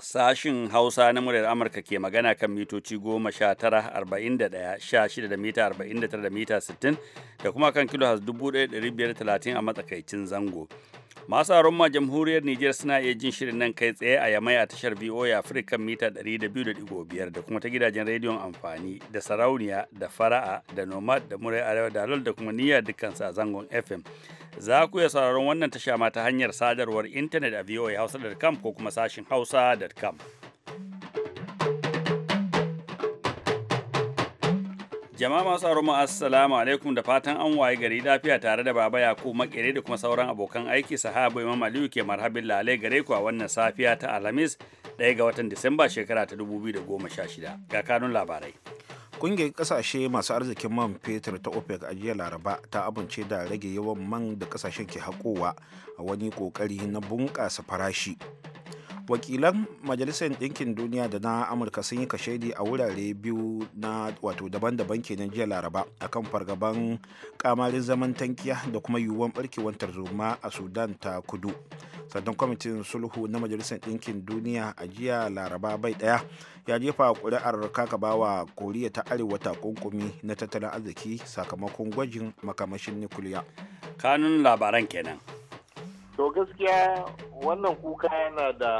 Sashin Hausa na muryar Amurka ke magana kan mitoci goma sha tara arba'in da ɗaya sha shida da mita arba'in da tara da mita sittin da kuma kan kilo has dubu ɗaya ɗari biyar talatin a matsakaicin zango. masu ma jamhuriyar Nijar suna iya jin shirin nan kai tsaye a yamai a tashar VOA afirka mita 200.5 da kuma ta gidajen rediyon amfani da sarauniya da fara'a da nomad da murai arewa da da kuma niyyar dukkansu a zangon FM. Za ku iya sauraron wannan tasha ma ta hanyar sadarwar intanet a voahausa.com ko kuma sashin hausa.com. Jama'a masu aromu assalamu alaikum da fatan an waye gari lafiya tare da baba Yakubu makere da kuma sauran abokan aiki sahaba Imam Aliyu ke marhabin lalai gare ku a wannan safiya ta Alhamis ɗaya ga watan Disamba shekara ta da goma 2016 ga kanun labarai. Kungiyar kasashe masu arzikin man fetur ta OPEC a jiya Laraba ta amince da rage yawan man da kasashen ke haƙowa a wani ƙoƙari na bunƙasa farashi. wakilan majalisar ɗinkin duniya da na amurka sun yi kashedi a wurare biyu na wato daban-daban kenan jiya laraba akan fargaban kamarin zaman tankiya da kuma yiwuwan barkewar tarzoma a sudan ta kudu sannan kwamitin sulhu na majalisar ɗinkin duniya a jiya laraba bai ɗaya ya jefa ƙuri'ar kakabawa koriya ta arewa takunkumi na tattalin arziki sakamakon gwajin makamashin nukiliya kanun labaran kenan to gaskiya wannan kuka yana da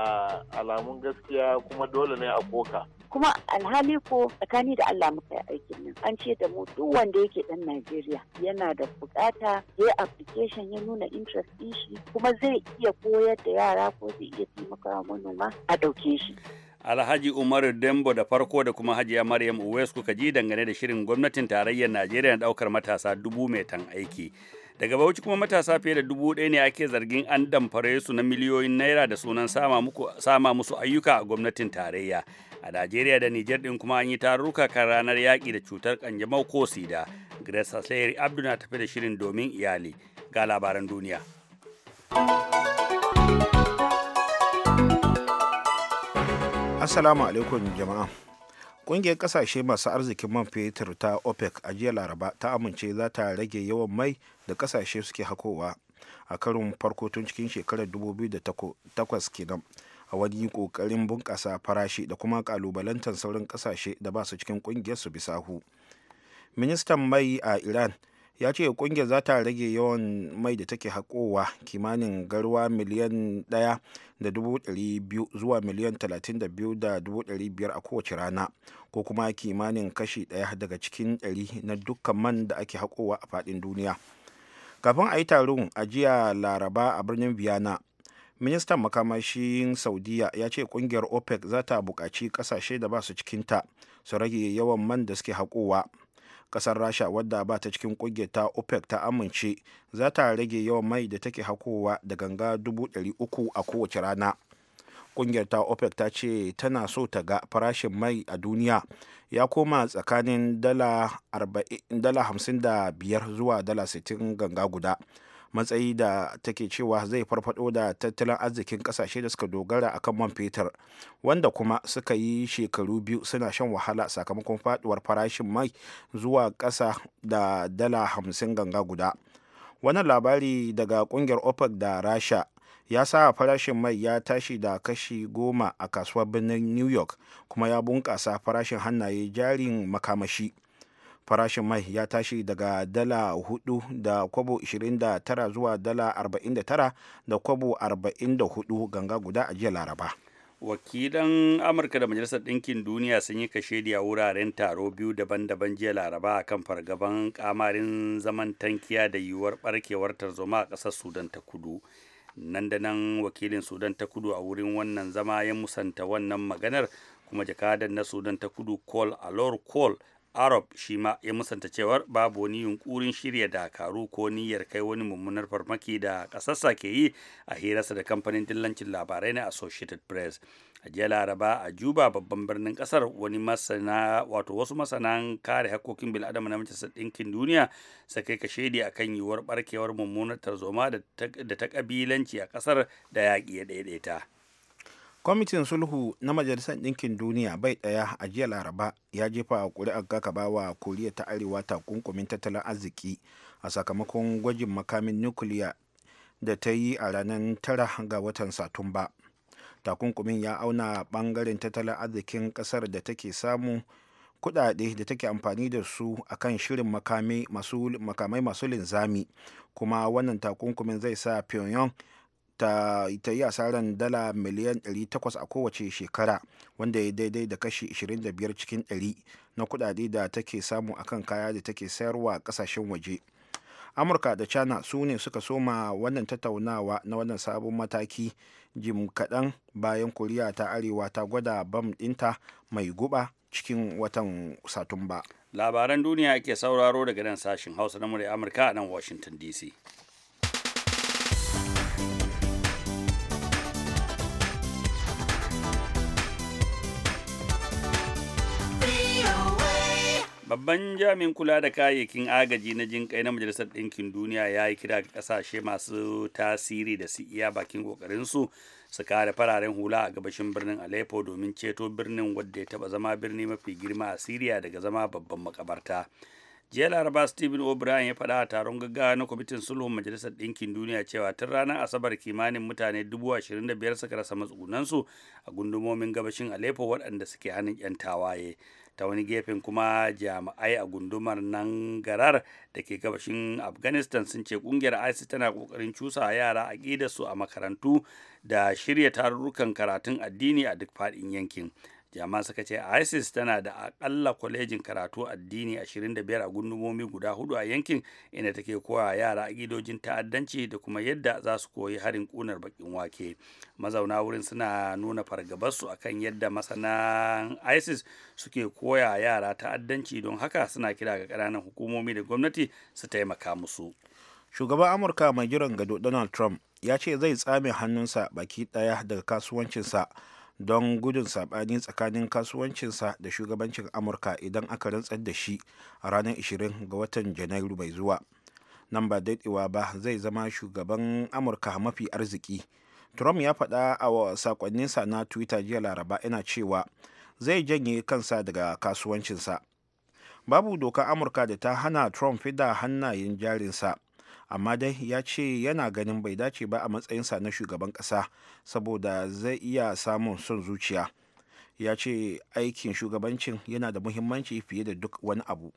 alamun gaskiya kuma dole ne a koka kuma alhali ko tsakani da Allah muka yi aikin nan an ce da mu duk wanda yake dan Najeriya yana da bukata ya application ya nuna interest din shi kuma zai iya koyar da yara ko zai iya taimaka manoma a dauke shi Alhaji Umaru Dembo da farko da kuma Hajiya Maryam Uwais kuka ji dangane da shirin gwamnatin tarayyar Najeriya na daukar matasa dubu mai tan aiki. daga bauchi kuma matasa fiye da dubu ɗaya ne ake zargin an damfare su na miliyoyin naira da sunan sama musu ayyuka a gwamnatin tarayya a najeriya da nijar ɗin kuma an yi tarurruka kan ranar yaƙi da cutar kanjamau ko sida grace hasleri abdu na tafi da shirin domin iyali ga labaran duniya assalamu alaikum jama'a Ƙungiyar ƙasashe masu arzikin man fetur ta OPEC a jiya Laraba ta amince za ta rage yawan mai da ƙasashe suke hakowa a karin farko tun cikin shekarar 2008 kenan a wani ƙoƙarin bunƙasa farashi da kuma ƙalubalantar sauran ƙasashe da ba su cikin ƙungiyar su bisahu. Ministan mai a Iran ya ce kungiyar za ta rage yawan mai da take haƙowa kimanin garwa miliyan ɗaya da dubu biyu zuwa miliyan talatin da biyu da dubu biyar a kowace rana ko kuma kimanin kashi ɗaya daga cikin ɗari na dukkan man da ake haƙowa a faɗin duniya kafin a yi taron a jiya laraba a birnin viana ministan makamashin saudiya ya ce kungiyar opec za ta buƙaci ƙasashe da ba su cikinta su rage yawan man da suke haƙowa kasar rasha wadda ba ta cikin kungiyar ta opec ta amince za ta rage yawan mai da take hakowa da ganga 300 a kowace rana kungiyar ta opec ta ce tana so ta ga farashin mai a duniya ya koma tsakanin dala 55 zuwa dala 60 ganga guda matsayi da take cewa zai farfado da tattalin arzikin kasashe da suka dogara a kan man fetur wanda kuma suka yi shekaru biyu suna shan wahala sakamakon faduwar farashin mai zuwa ƙasa da dala hamsin ganga guda wannan labari daga kungiyar opec da rasha ya sa farashin mai ya tashi da kashi goma a kasuwar birnin new york kuma ya bunkasa farashin hannaye jarin makamashi farashin mai ya tashi daga dala 4 da kwabo 29 zuwa dala 49 da kwabo 44 ganga guda a jiya laraba wakilan amurka da majalisar ɗinkin duniya sun yi kashedi a wuraren taro biyu daban-daban jiya laraba a kan fargaban kamarin zaman tankiya da yiwuwar barkewar tarzoma a ƙasar sudan ta kudu nan da nan wakilin sudan ta kudu a wurin wannan zama ya musanta wannan maganar kuma jakadan na sudan ta kudu call alor col arab shi ma ya musanta cewar babu wani yunkurin shirya dakaru ko niyyar kai wani mummunar farmaki da kasarsa ke yi a hirarsa da kamfanin dillancin labarai na associated press a jiya laraba a juba babban birnin kasar wani masana wato wasu masanan kare hakkokin bil'adama na majalisar ɗinkin duniya sa kai shaidi kan yiwuwar barkewar mummunar tarzoma da ta kabilanci a ƙasar da yaƙi ya ɗaiɗaita kwamitin sulhu na majalisar ɗinkin duniya bai ɗaya a jiya laraba ya jefa a ƙuri'ar kakaba wa koriya ta arewa takunkumin tattalin arziki a sakamakon gwajin makamin nukiliya da ta yi a ranar tara ga watan satumba takunkumin ya auna ɓangaren tattalin arzikin ƙasar da take samu kuɗaɗe da take amfani da su akan shirin makamai masu linzami kuma wannan takunkumin zai sa pyongyang ta, ta yi asarar dala miliyan 800 a kowace shekara wanda ya daidai da kashi 25 cikin 100 na kudade da take samu akan kaya da take sayarwa kasashen waje amurka da china su ne suka soma wannan tattaunawa na wannan sabon mataki jim kaɗan bayan koriya ta arewa ta gwada bam ɗinta mai guba cikin watan satumba labaran duniya ake sauraro daga nan sashen hausa na murya amurka a nan washington dc Babban jami'in kula da kayayyakin agaji na jinƙai na Majalisar Ɗinkin Duniya ya yi kira ga ƙasashe masu tasiri da su iya bakin ƙoƙarinsu su kare fararen hula a gabashin birnin Aleppo domin ceto birnin wadda ya taɓa zama birni mafi girma a Siriya daga zama babban makabarta. jiya laraba stephen o'brien ya faɗa a taron gaggawa na kwamitin sulhun majalisar ɗinkin duniya cewa tun ranar asabar kimanin mutane 25,000 suka rasa matsugunansu a gundumomin gabashin aleppo waɗanda suke hannun 'yan tawaye ta wani gefen kuma jami'ai a gundumar nan garar da ke gabashin afghanistan sun ce kungiyar isis tana kokarin cusa yara a su a makarantu da shirya tarurrukan karatun addini a duk faɗin yankin jama'a suka ce isis tana da akalla kwalejin karatu addini 25 a gundumomi guda hudu a yankin inda take koya yara agidojin ta'addanci da kuma yadda za su koyi harin kunar bakin wake mazauna wurin suna nuna fargabarsu akan yadda masanan isis suke koya yara ta'addanci don haka suna kira ga ƙananan hukumomi da gwamnati su taimaka musu shugaban amurka mai jiran gado donald trump ya ce zai tsame hannunsa baki ɗaya daga kasuwancinsa don gudun saɓani tsakanin kasuwancinsa da shugabancin amurka idan aka rantsar da shi a ranar 20 ga watan janairu mai zuwa nan ba daɗewa ba zai zama shugaban amurka mafi arziki trump ya faɗa a saƙonninsa na twitter jiya laraba yana cewa zai janye kansa daga kasuwancinsa babu doka amurka da ta hana trump fida hannayen jarinsa amma dai ya ce yana ganin bai dace ba a matsayinsa na shugaban ƙasa saboda zai iya samun son zuciya ya ce aikin shugabancin yana da muhimmanci fiye da duk wani abu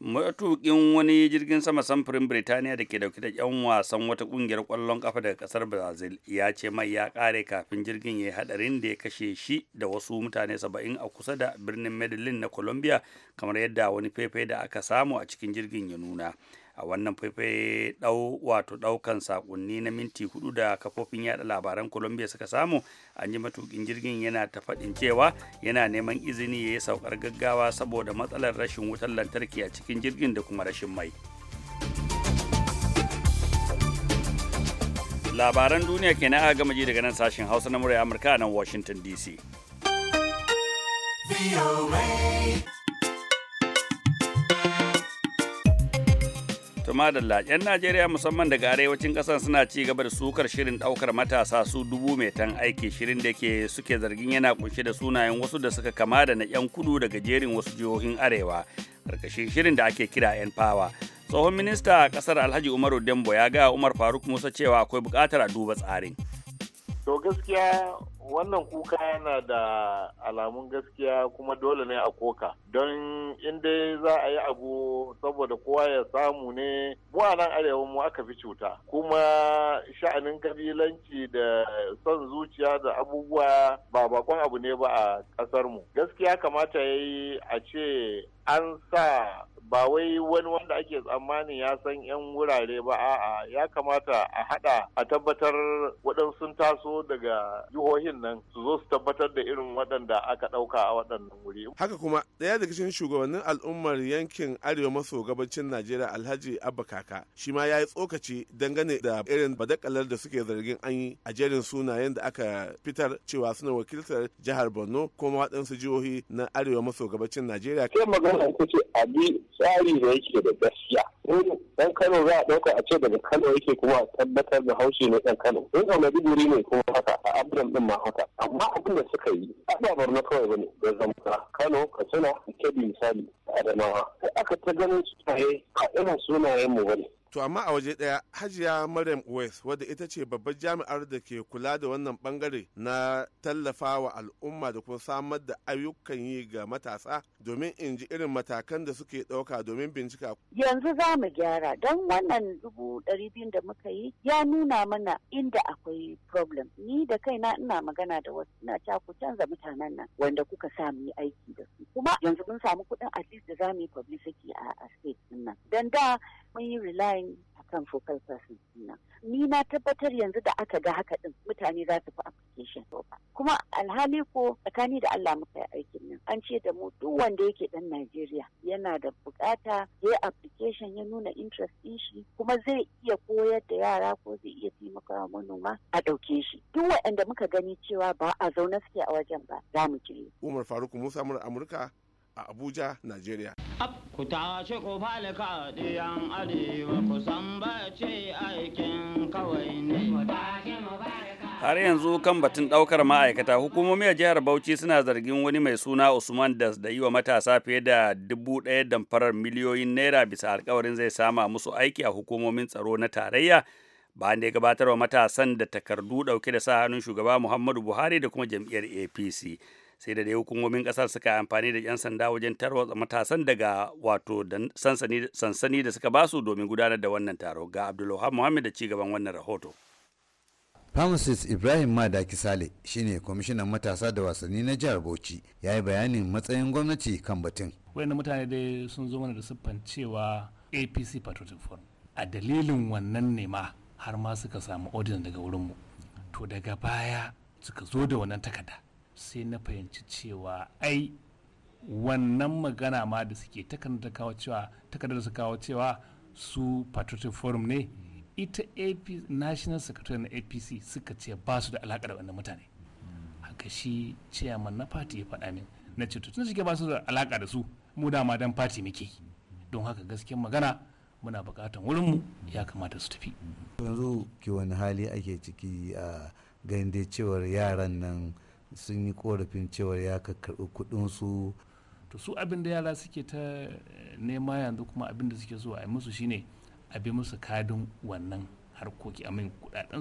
matuƙin wani jirgin sama samfurin Birtaniya da ke dauke da 'yan wasan wata kungiyar kwallon kafa daga ƙasar Brazil ya ce mai ya kare kafin jirgin ya yi hadarin da ya kashe shi da wasu mutane saba'in a kusa da birnin Medellin na Colombia kamar yadda wani faifai da aka samu a cikin jirgin ya nuna. a wannan faifai dau wato daukan sakonni na minti hudu da kafofin yada labaran Colombia suka samu an ji matukin jirgin yana ta faɗin cewa yana neman izini ya yi saukar gaggawa saboda matsalar rashin wutar lantarki a cikin jirgin da kuma rashin mai. labaran duniya ke aka gama ji daga nan sashen hausa na murya amurka nan washington dc Tuma madalla, 'yan Najeriya musamman daga arewacin kasar suna ci gaba da sukar shirin ɗaukar matasa su dubu mai tan aiki shirin da ke suke zargin yana kunshe da sunayen wasu da suka kama da na 'yan kudu daga jerin wasu jihohin arewa, karkashin shirin da ake kira 'yan fawa. Tsohon minista a ƙasar Alhaji Umaru Dembo ya ga Umar Faruk Musa cewa akwai bukatar a duba tsarin. To gaskiya wannan kuka yana da alamun gaskiya kuma dole ne a koka. Don inda za a yi abu saboda kowa ya samu ne mu a nan arewa mu aka fi cuta. Kuma sha'anin kabilanci da son zuciya da abubuwa ba bakon abu ne ba a ƙasarmu. Gaskiya kamata ya yi a ce an sa ba wai wani wanda ake tsammanin ya san 'yan wurare ba a'a ya kamata a hada a tabbatar waɗansu taso daga jihohin nan su zo su tabbatar da irin waɗanda aka ɗauka a waɗannan wuri. Haka kuma ɗaya daga cikin shugabannin al'ummar yankin arewa maso gabancin Najeriya Alhaji Abba Kaka shi ma ya yi tsokaci dangane da irin badakalar da suke zargin an yi a jerin sunayen da aka fitar cewa suna wakiltar jihar Borno kuma waɗansu jihohi na arewa maso gabacin Najeriya. tsari da yake da gaskiya in dan kano za a ɗauka a ce daga kano yake kuma a tabbatar da haushi ne dan kano in a maiduguri ne kuma haka a abdan din ma haka amma abin da suka yi bar na kawai bane da zamfara kano katsina kebbi misali adamawa aka ta ganin sunaye a irin sunayen mu bane To amma a waje daya, Hajiya Maryam West wadda ita ce babbar jami'ar da ke kula da wannan bangare na tallafa wa al'umma da kuma samar da ayyukan yi ga matasa domin in ji irin matakan da suke dauka domin bincika. Yanzu za mu gyara don wannan dubu ɗari biyun da muka yi ya nuna mana inda akwai problem. Ni da kaina ina magana da wasu ina ta ku canza mutanen nan wanda kuka sa mu yi aiki da su. Kuma yanzu mun samu kuɗin at least da za mu yi publicity a state nan. Dan da mun yi relying akan focal person nan ni na tabbatar yanzu da aka ga haka din mutane za su fi application kuma alhali ko tsakani da Allah muka yi aikin nan an ce da mu duk wanda yake dan Najeriya yana da bukata ya application ya nuna interest din shi kuma zai iya koyar da yara ko zai iya taimaka manoma a dauke shi duk waɗanda muka gani cewa ba a zaune suke a wajen ba za mu kire Umar Faruk Musa Amurka a Abuja, Najeriya. har yanzu kan batun ɗaukar ma'aikata hukumomi a jihar bauchi suna zargin wani mai suna usman das da yi wa matasa fiye da dubu ɗaya damfarar miliyoyin naira bisa alkawarin zai sama musu aiki a hukumomin tsaro na tarayya bayan da ya gabatarwa matasan da takardu ɗauke da sa hannun shugaba muhammadu buhari da kuma jam'iyyar apc sai da dai hukumomin kasar suka amfani da 'yan sanda wajen tarwatsa matasan daga wato sansani da suka basu domin gudanar da wannan taro ga abdulwahab muhammad da cigaban wannan rahoto pharmacist ibrahim madaki sale shine kwamishinan matasa da wasanni na jihar bauchi ya yi bayanin matsayin gwamnati kan batun wayannan mutane dai sun zo mana da siffan cewa apc patriotic forum a dalilin wannan ne ma har ma suka samu odin daga wurinmu to daga baya suka zo da wannan takada. sai na fahimci cewa ai wannan magana ma da suke takardar su kawo cewa su patriotic forum ne ita AP, national secretary na apc suka ce ba su da alaƙa da wannan mutane haka shi chairman na party ya faɗa min na ce tun suke ba su da alaƙa da su mu dama dan party muke don haka gaskiyar magana muna bukatan wurinmu ya kamata su tafi yanzu ke wani hali ake ciki a ganin cewar yaran nan sun yi korafin cewa ya karɓi su. to su abin da yara suke ta eh, nema yanzu kuma abin da suke so a yi musu shine a bi musu kadin wannan harkoki a min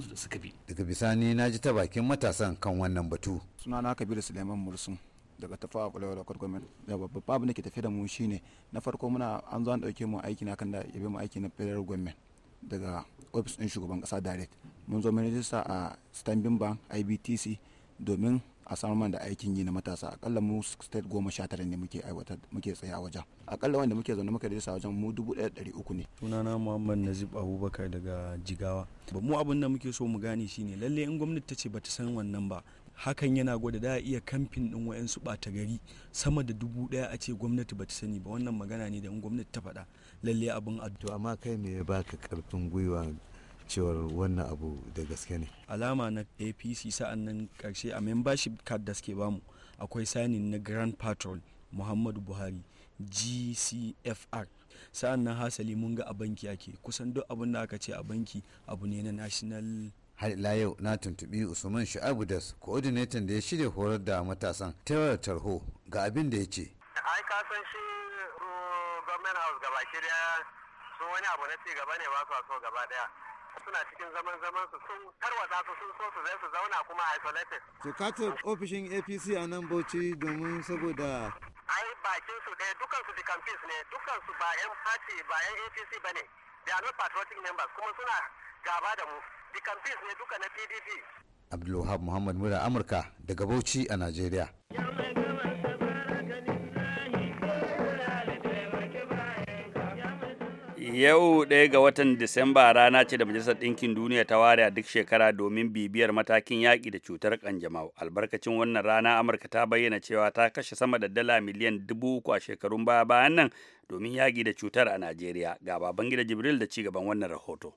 su da suka bi daga bisani na ji ta bakin matasan kan wannan batu sunana kabiru suleiman mursun daga tafawa kwalewa da kwargwamin da babban babu da ke tafi da mu shine na farko muna an zo an dauke mu aiki na kan da yabe mu aiki na federal government daga ofis din shugaban kasa direct mun zo mun rijista a stanbin bank ibtc domin a samar da aikin yi na matasa akalla mu state goma sha tara ne muke aiwata muke tsaye a wajen akalla wanda muke zaune muka da wajen mu dubu ɗaya ɗari uku ne sunana muhammad nazib abubakar daga jigawa ba mu abin da muke so mu gane shine lalle in gwamnati ta ce bata san wannan ba hakan yana gwada da iya kamfin din wayansu ɓata gari sama da dubu ɗaya a ce gwamnati bata sani ba wannan magana ne da in gwamnati ta faɗa lalle abin addu'a amma kai me ya baka karfin gwiwa cewar wannan abu da gaske ne alama na apc sa'an nan karshe a membership card da suke bamu akwai sanin na grand patrol muhammadu buhari gcfr sa'an hasali mun ga a banki ake kusan duk abin da aka ce a banki abu ne na national har ila yau na tuntubi usman sha'abu das coordinator da ya shirya horar da matasan tayar tarho ga abin da ya ce ai ka san shi uh, government house gaba shirya su wani abu na ci gaba ne ba su so gaba daya suna cikin zaman zaman su sun za su sun so su zai su zauna kuma isolated. To kato ofishin APC a nan Bauchi domin saboda ai bakin su ɗaya dukkan su peace ne dukkan su ba yan party ba yan APC ba ne. They are not patriotic members kuma suna gaba da mu. dukkan peace ne duka na PDP. Abdulwahab Muhammad Mura Amurka daga Bauchi a Najeriya. Yau ɗaya ga watan Disamba rana ce da Majalisar Ɗinkin Duniya ta ware a duk shekara domin bibiyar matakin yaƙi da cutar ƙanjamau. Albarkacin wannan rana Amurka ta bayyana cewa ta kashe sama da dala miliyan dubu uku a shekarun baya bayan nan domin yaƙi da cutar a Najeriya. Ga baban gida Jibril da ci gaban wannan rahoto.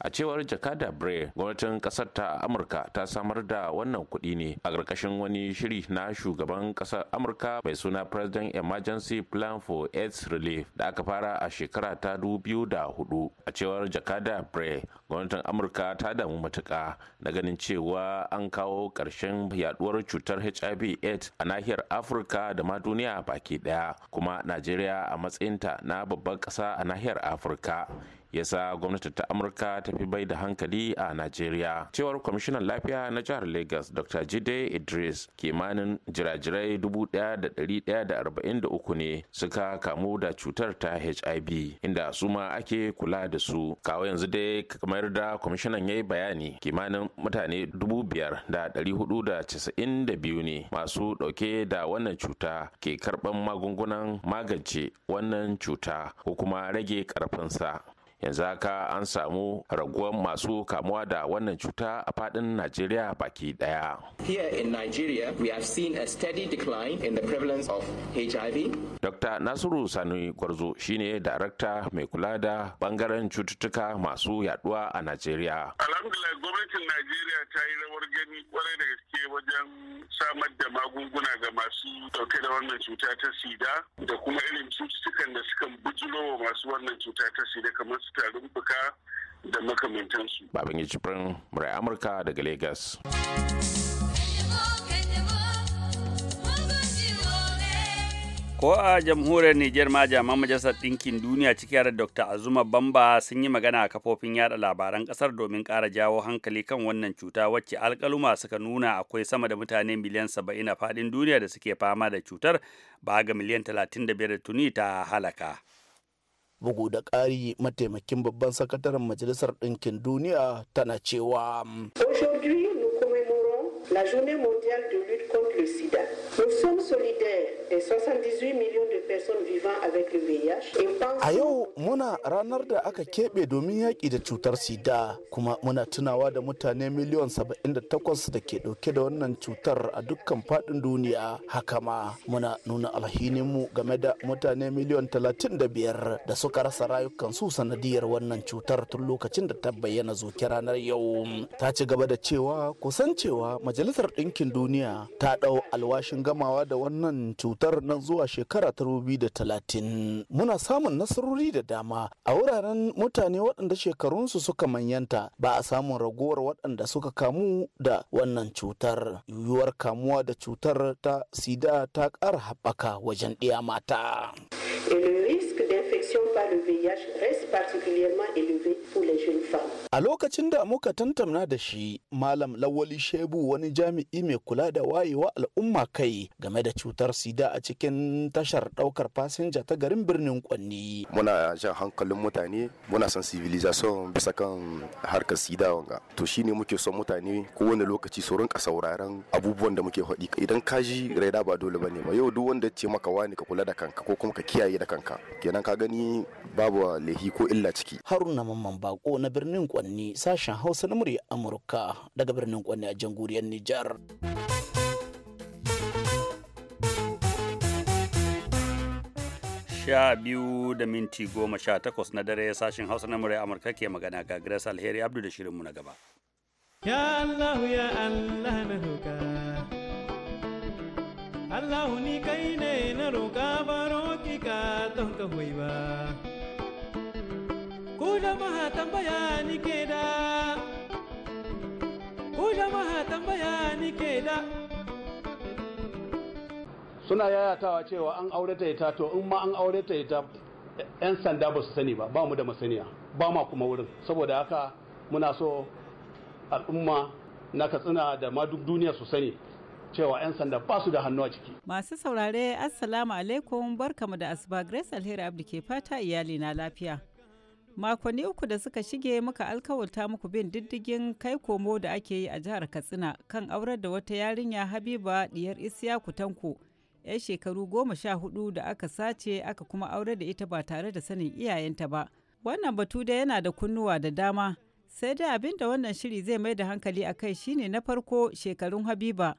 a cewar jakada bre gwamnatin kasar ta amurka ta samar da wannan kuɗi ne a ƙarƙashin wani shiri na shugaban ƙasar amurka mai suna president emergency plan for aids relief da aka fara a shekara ta da hudu a cewar jakada bre gwamnatin amurka ta damu matuƙa na ganin cewa an kawo ƙarshen yaduwar cutar hiv aids a nahiyar afirka da ma duniya baki ɗaya kuma najeriya a matsayinta na babban ƙasa a nahiyar afirka Ya sa gwamnati ta amurka ta fi bai da hankali a najeriya cewar kwamishinan lafiya na jihar lagos dr jide idris kimanin jirajirai 1143 ne suka kamu da cutar ta hiv inda su ma ake kula da su kawo yanzu dai kamar da kwamishinan ya yi bayani kimanin mutane 5,492 ne masu dauke da wannan cuta ke karban magungunan magance wannan cuta ko kuma rage karfinsa yanzu haka an samu raguwar masu kamuwa da wannan cuta a fadin najeriya baki daya here in nigeria we have seen a steady decline in the prevalence of hiv dr nasiru sani gwarzo shine darakta mai kula da bangaren cututtuka masu yaduwa a najeriya alhamdulillah gwamnatin najeriya ta yi rawar gani kwarai da gaske wajen samar da magunguna ga masu dauke da wannan cuta ta sida da kuma irin cututtukan da suka bujulo masu wannan cuta ta sida kamar su tarin fuka da makamantansu. Baban Yajibirin Murai Amurka daga Legas. Ko a jamhuriyar Nijar ma jaman majalisar ɗinkin duniya ciki da Dr. Azuma Bamba sun yi magana a kafofin yada labaran ƙasar domin ƙara jawo hankali kan wannan cuta wacce alƙaluma suka nuna akwai sama da mutane miliyan saba'in a faɗin duniya da suke fama da cutar ba ga miliyan talatin da tuni ta halaka. bugu da ƙari mataimakin babban sakataren majalisar ɗinkin duniya tana cewa social dream la journée mondiale de lutte contre le sida. Nous sommes solidaires des 78 millions de personnes vivant avec le VIH A yau muna ranar da aka keɓe domin yaƙi da cutar sida kuma muna tunawa da mutane miliyon 78 da ke ɗauke da wannan cutar a dukkan faɗin duniya haka ma muna nuna alhininmu game da mutane miliyon 35 da suka rasa rayukansu sanadiyar wannan cutar tun lokacin da ta bayyana zuke ranar yau ta ci gaba da cewa kusan cewa majalisar ɗinkin duniya ta ɗau alwashin gamawa da wannan cutar na zuwa shekara ta da talatin muna samun nasarori da dama a wuraren mutane waɗanda shekarunsu suka manyanta ba a samun ragowar waɗanda suka kamu da wannan cutar yiwuwar kamuwa da cutar ta sida ta ƙara haɓaka wajen ɗiya mata. par le VIH reste particulièrement élevée pour les jeunes femmes. A lokacin da muka tantamna da shi, Malam Lawali Shebu wani jami'i mai kula da wayewa al'umma kai game da cutar sida a cikin tashar daukar fasinja ta garin birnin Kwanni. Muna jan hankalin mutane, muna son civilization bisa kan harkar sida wanga. To shine muke son mutane kowane lokaci su rinka sauraron abubuwan da muke faɗi. Idan ka ji raida ba dole bane ba. Yau duk wanda ya ce maka wani ka kula da kanka ko kuma ka kiyaye da kanka. Kenan ka gani gani babu lehi ko illa ciki haruna mamman bako na birnin kwanni sashen hausa na murya amurka daga birnin kwanni a jamhuriyar nijar sha biyu da minti goma sha takwas na dare sashen hausa na murya amurka ke magana ga grace alheri abdu da shirinmu na gaba ya allah ya allah na hukar. Allah ni ne na roƙa baro ka ka ba. Ku ke da, ku Suna yayatawa cewa an aure ta ita to in ma an aure ta ita 'yan sanda ba su sani ba ba mu da masaniya ba ma kuma wurin saboda haka muna so al'umma na katsina da ma duk duniya su sani cewa 'yan sanda ba su da hannu a ciki. Masu saurare Assalamu alaikum barkamu da asuba Grace Alheri Abdi ke fata iyali na lafiya. Makonni uku da suka shige muka alkawalta muku bin diddigin kai komo da ake yi a jihar Katsina kan aurar da wata yarinya Habiba diyar Isiya Tanko. 'yan shekaru goma sha hudu da aka sace aka kuma aurar da ita ba tare da sanin iyayenta ba. Wannan batu da yana da kunnuwa da dama sai dai abinda wannan shiri zai mai da hankali a kai shine na farko shekarun Habiba.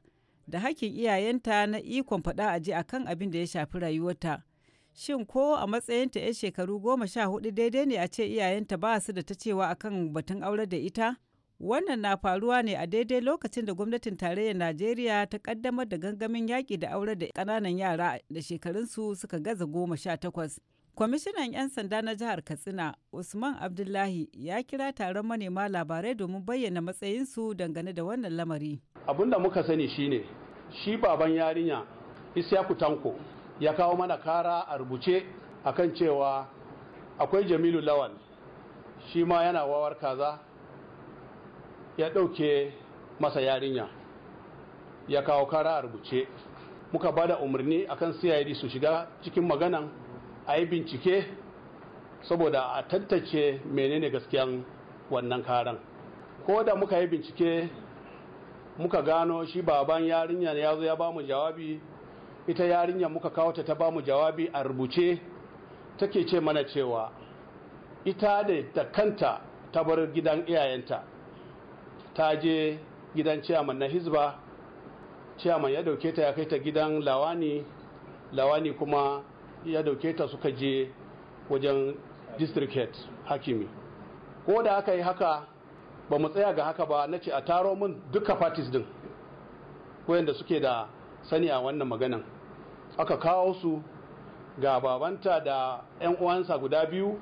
da hakkin iyayenta na ikon faɗa a ji akan abin da ya shafi rayuwarta. Shin ko a matsayinta 'yan shekaru goma sha hudu daidai ne a ce iyayenta ba su da ta cewa akan batun aure da ita? Wannan na faruwa ne a daidai lokacin da gwamnatin tarayyar Najeriya ta kaddamar da gangamin yaƙi da aure da ƙananan yara da shekarunsu suka gaza goma sha takwas. kwamishinan 'yan sanda na jihar katsina usman abdullahi ya kira taron manema labarai domin bayyana matsayinsu dangane da wannan lamari da muka sani shine shi baban yarinya isyaku tanko ya kawo mana kara a rubuce akan cewa akwai jamilu Lawal?" shi ma yana wawar kaza ya ɗauke masa yarinya ya kawo kara a rubuce muka bada umarni akan cid su shiga cikin maganan a yi bincike saboda a tantance menene gaskiyan wannan karan ko da muka yi bincike muka gano shi baban yarinya ya zo ya ba mu jawabi ita yarinya muka kawo ta ta ba mu jawabi a rubuce take ce mana cewa ita da ta kanta ta bar gidan iyayenta ta je gidan ciyaman na hizba ciyaman ya dauke ta ya kai ta gidan lawani lawani kuma ya dauke ta suka je wajen district head hakimi ko da aka yi haka ba mu tsaya ga haka ba na ce a taro mun duka parties din wayanda suke da sani a wannan maganan aka kawo su ga babanta da 'yan uwansa guda biyu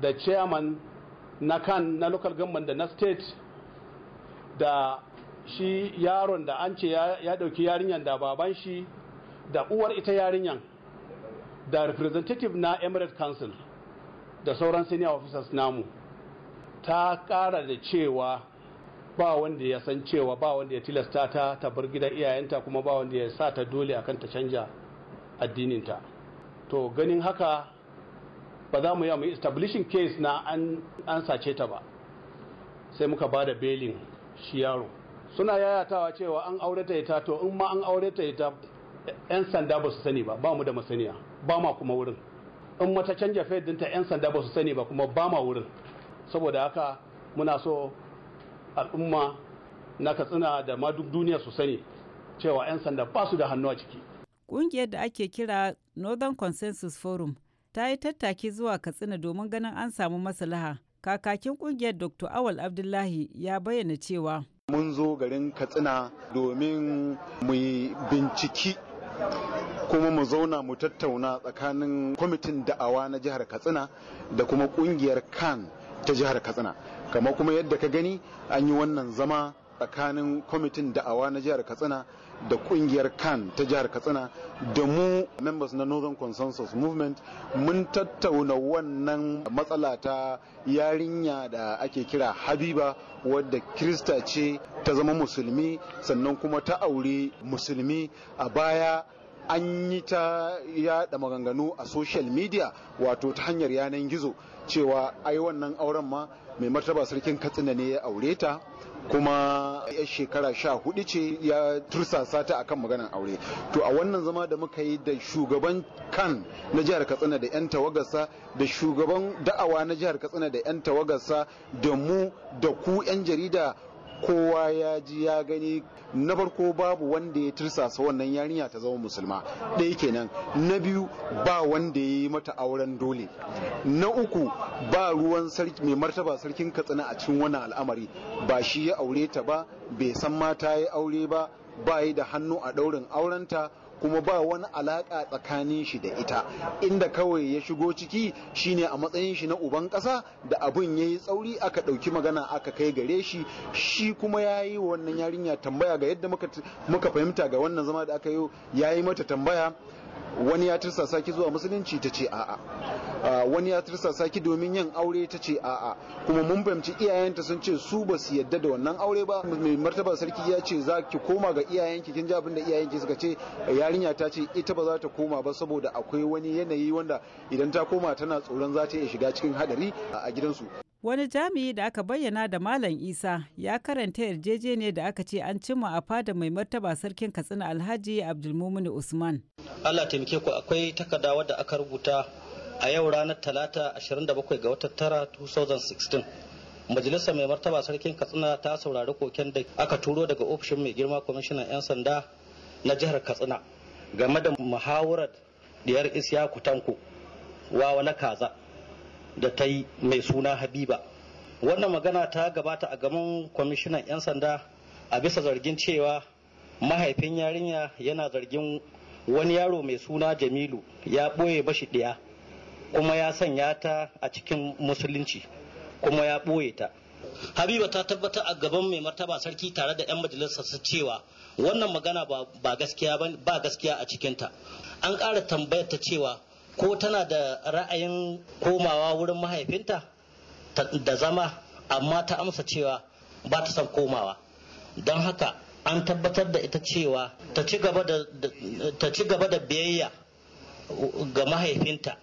da chairman na kan na local government da na state da shi yaron da an ce ya dauki yarinyar da baban shi da uwar ita yarinyan da representative na emirate council da sauran senior officers namu ta ƙara da cewa ba wanda ya san cewa ba wanda ya tilasta ta ta bar gidan iyayenta kuma ba wanda ya sa ta dole akan ta canja addininta to ganin haka ba za mu yi mu establishing case na an, an sace ta ba sai muka ba da belin shi yaro suna yayatawa cewa an aure ta ita to in ma an aure ta ita 'yan sanda ba su sani ba ba mu da masaniya ba ma kuma wurin in mata canja fayil dinta 'yan sanda ba su sani ba kuma ba ma wurin saboda haka muna so al'umma na katsina da ma duk duniya su sani cewa 'yan sanda ba su da hannu a ciki ƙungiyar da ake kira northern consensus forum ta yi tattaki zuwa katsina domin ganin an samu maslaha kakakin ƙungiyar dr awal abdullahi ya bayyana cewa mun zo garin katsina domin mu binciki kuma mu zauna mu tattauna tsakanin kwamitin da'awa na jihar katsina da kuma kungiyar kan ta jihar katsina kama kuma yadda ka gani an yi wannan zama tsakanin kwamitin da'awa na jihar katsina da kungiyar kan ta jihar katsina da mu members na northern consensus movement mun tattauna wannan matsala ta yarinya da ake kira habiba wadda krista ce ta zama musulmi sannan kuma ta aure musulmi a baya an yi ta yaɗa maganganu a social media wato ta hanyar yanan gizo cewa ai wannan auren ma mai martaba sarkin katsina ne ya aure ta kuma ya shekara sha hudu ce ya tursasa ta akan maganar aure to a wannan zama da muka yi da shugaban kan na jihar katsina da 'yan tawagarsa da shugaban da'awa na jihar katsina da 'yan tawagarsa da mu da ku 'yan jarida kowa ya ji ya gani na farko babu wanda ya tirsasa wannan yarinya ta zama musulma ɗaya kenan na biyu ba wanda ya yi mata auren dole na uku ba ruwan sarki mai martaba sarkin katsina a cikin wannan al'amari ba shi ya aure ta ba bai san mata ya aure ba ba yi da hannu a ɗaurin aurenta kuma ba wani alaƙa tsakanin shi da ita inda kawai ya shigo ciki shine a matsayin shi na uban ƙasa da abun ya yi tsauri aka ɗauki magana aka kai gare shi shi kuma ya yi wannan yarinya tambaya ga yadda muka fahimta ga wannan zama da aka yi ya yi mata tambaya wani ya tirsa saki zuwa musulunci ta ce a'a wani ya tirsa saki domin yin aure ta ce a'a kuma mun fahimci iyayenta sun ce su ba su yadda da wannan aure ba mai martaba sarki ya ce za ki koma ga iyayenki kin ji abin da iyayenki suka ce yarinya ta ce ita ba za ta koma ba saboda akwai wani yanayi wanda idan ta koma tana tsoron za ta iya shiga cikin hadari a gidansu Wani jami'i da aka bayyana da Malam Isa ya karanta yarjejeniyar da aka ce an cimma a fada mai martaba sarkin Katsina Alhaji Abdulmumin Usman. Allah taimake ku akwai takarda wadda aka rubuta a yau ranar Talata 27 ga watan tara 2016. Majalisar mai martaba sarkin Katsina ta saurari koken da aka turo daga ofishin mai girma kwamishinan 'yan sanda na jihar Katsina game da muhawarar diyar isya kutanku wa wani kaza. da ta yi mai suna habiba wannan magana ta gabata a gaban kwamishinan 'yan sanda a bisa zargin cewa mahaifin yarinya yana zargin wani yaro mai suna jamilu ya ɓoye bashi ɗaya kuma ya sanya ta a cikin musulunci kuma ya ɓoye ta habiba ta tabbatar a gaban mai martaba sarki tare da 'yan majalisar su cewa wannan magana ba gaskiya a cikinta an ƙara tambayar ta cewa ko tana da ra'ayin komawa wurin mahaifinta da zama amma ta amsa cewa ba ta son komawa don haka an tabbatar da ita cewa ta ci gaba da biyayya ga mahaifinta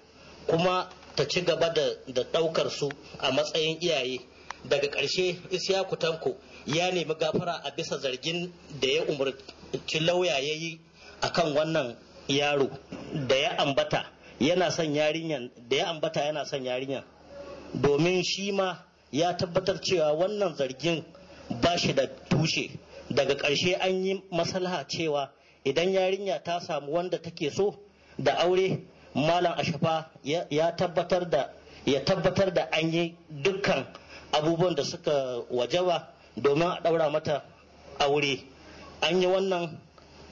kuma ta ci gaba da ɗaukar su a matsayin iyaye daga ƙarshe isyaku tanko ya nemi gafara a bisa zargin da ya umarci lauya ya yi a kan wannan yaro da ya ambata yana son yarinyar da ya ambata yana son yarinyar domin shi ma ya tabbatar cewa wannan zargin ba shi da tushe daga ƙarshe an yi maslaha cewa idan yarinya ta samu wanda take so da aure malam ashafa ya tabbatar da ya tabbatar da an yi dukkan abubuwan da suka wajaba domin a ɗaura mata aure an yi wannan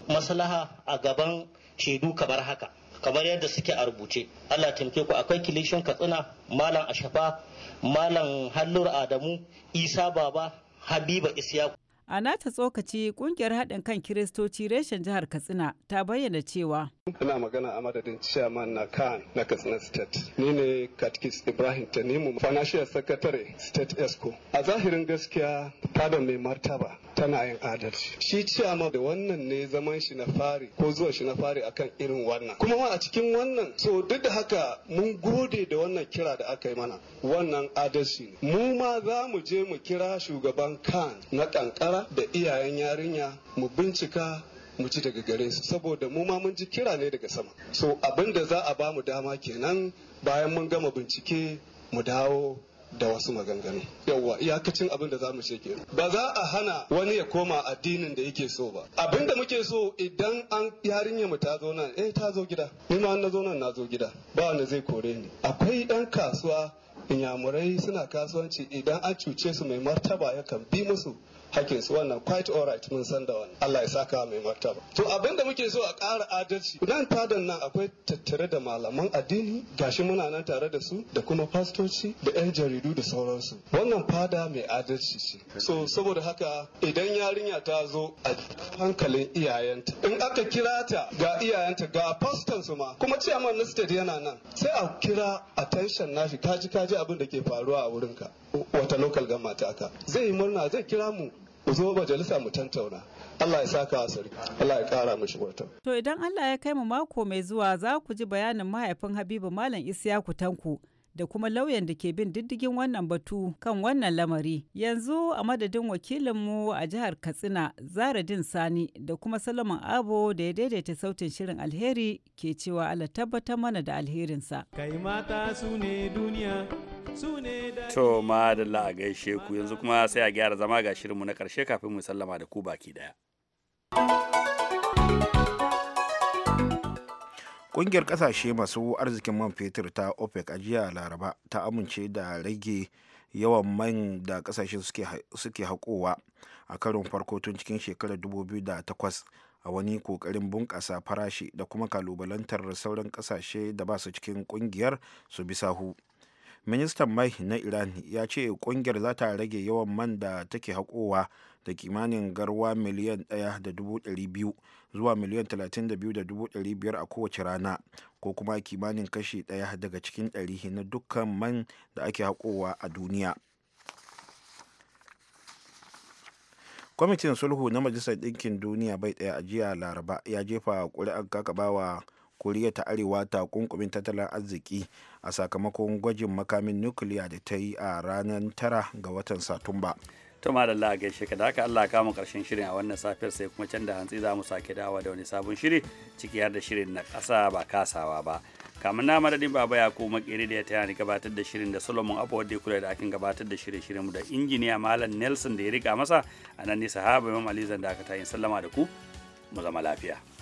maslaha a gaban shaidu kamar haka kamar yadda suke a rubuce Allah taimake ku akwai kilishin katsina malam ashafa malam hallur adamu isa baba habiba isyaku A nata tsokaci kungiyar haɗin kan Kiristoci reshen jihar Katsina ta bayyana cewa. Ina magana a madadin chairman na kan na Katsina State. Ni ne Katkis Ibrahim Tanimu, financial secretary State Esco. A zahirin gaskiya fada mai martaba tana yin adalci. Shi chairman da wannan ne zaman shi na fari ko zuwa shi na fari akan irin wannan. Kuma ma a cikin wannan so duk da haka mun gode da wannan kira da aka yi mana. Wannan adalci ne. Mu ma za mu je mu kira shugaban kan na kankara da iyayen yarinya mu bincika mu ci daga gare su saboda mu ma mun ji kira ne daga sama so abin da za a ba mu dama kenan bayan mun gama bincike mu dawo da wasu maganganu yawwa iyakacin abin da za mu sheke ba za a hana wani ya koma addinin da yake so ba abin da muke so idan an yarinya mu ta zo nan eh ta zo gida ni ma na zo nan na zo gida ba wanda zai kore ni akwai dan kasuwa inyamurai suna kasuwanci idan an cuce su mai martaba yakan bi musu hakkin su wannan quite alright mun san da wannan Allah ya saka mai martaba to abin da muke so a ƙara adalci nan fadan nan akwai tattare da malaman addini gashi muna nan tare da su da kuma fastoci da yan jaridu da sauransu wannan fada mai adalci ce so saboda haka idan yarinya ta zo a hankalin iyayenta in aka kira ta ga iyayenta ga faston su ma kuma chairman na state yana nan sai a kira attention nashi kaji kaji abin da ke faruwa a wurinka wata local gan aka zai yi murna zai kira mu ku zo majalisa mu tantauna Allah ya saka asiri Allah ya kara mishi wata to idan Allah ya kai mu mako mai zuwa za ku ji bayanin mahaifin Habibu Malam Isiyaku Tanku da kuma lauyan da ke bin diddigin wannan batu kan wannan lamari. Yanzu a madadin wakilinmu a jihar Katsina zara Zaradin Sani da kuma Solomon Abo da ya daidaita sautin shirin alheri ke cewa ala tabbatar mana da alherinsa. Kai mata su ne duniya su ne da To madalla a gaishe ku yanzu kuma sai a gyara zama ga shirinmu na karshe kafin mu sallama da ku baki daya. Ƙungiyar ƙasashe masu arzikin man fetur ta OPEC a jiya Laraba ta amince da rage yawan man da ƙasashe suke haƙowa a karin farko tun cikin shekarar 2008 a wani kokarin bunƙasa farashi da kuma kalubalantar sauran ƙasashe da ba su cikin ƙungiyar su bi sahu ministan mai na iran ya ce kungiyar za ta rage yawan man da take haƙowa da kimanin garwa miliyan 1.200 zuwa miliyan 32.500 a kowace rana ko kuma kimanin kashi ɗaya daga cikin ɗari na dukkan man da ake haƙowa a duniya kwamitin sulhu na majalisar ɗinkin duniya bai ɗaya a jiya laraba ya jefa ƙuri'ar kakabawa koriya ta arewa ta kunkumin tattalin arziki a sakamakon gwajin makamin nukiliya da ta yi a ranar tara ga watan satumba to madalla a gaishe ka da haka Allah kama karshen shirin a wannan safiyar sai kuma can da hantsi za mu sake dawa da wani sabon shiri ciki har da shirin na ƙasa ba kasawa ba kamar na madadin baba ya ko kere da ya taya ni gabatar da shirin da solomon abu wadda kula da akin gabatar da shirin shirin mu da injiniya malam nelson da ya rika masa a nan ne sahaba imam ali zan da aka tayin sallama da ku mu zama lafiya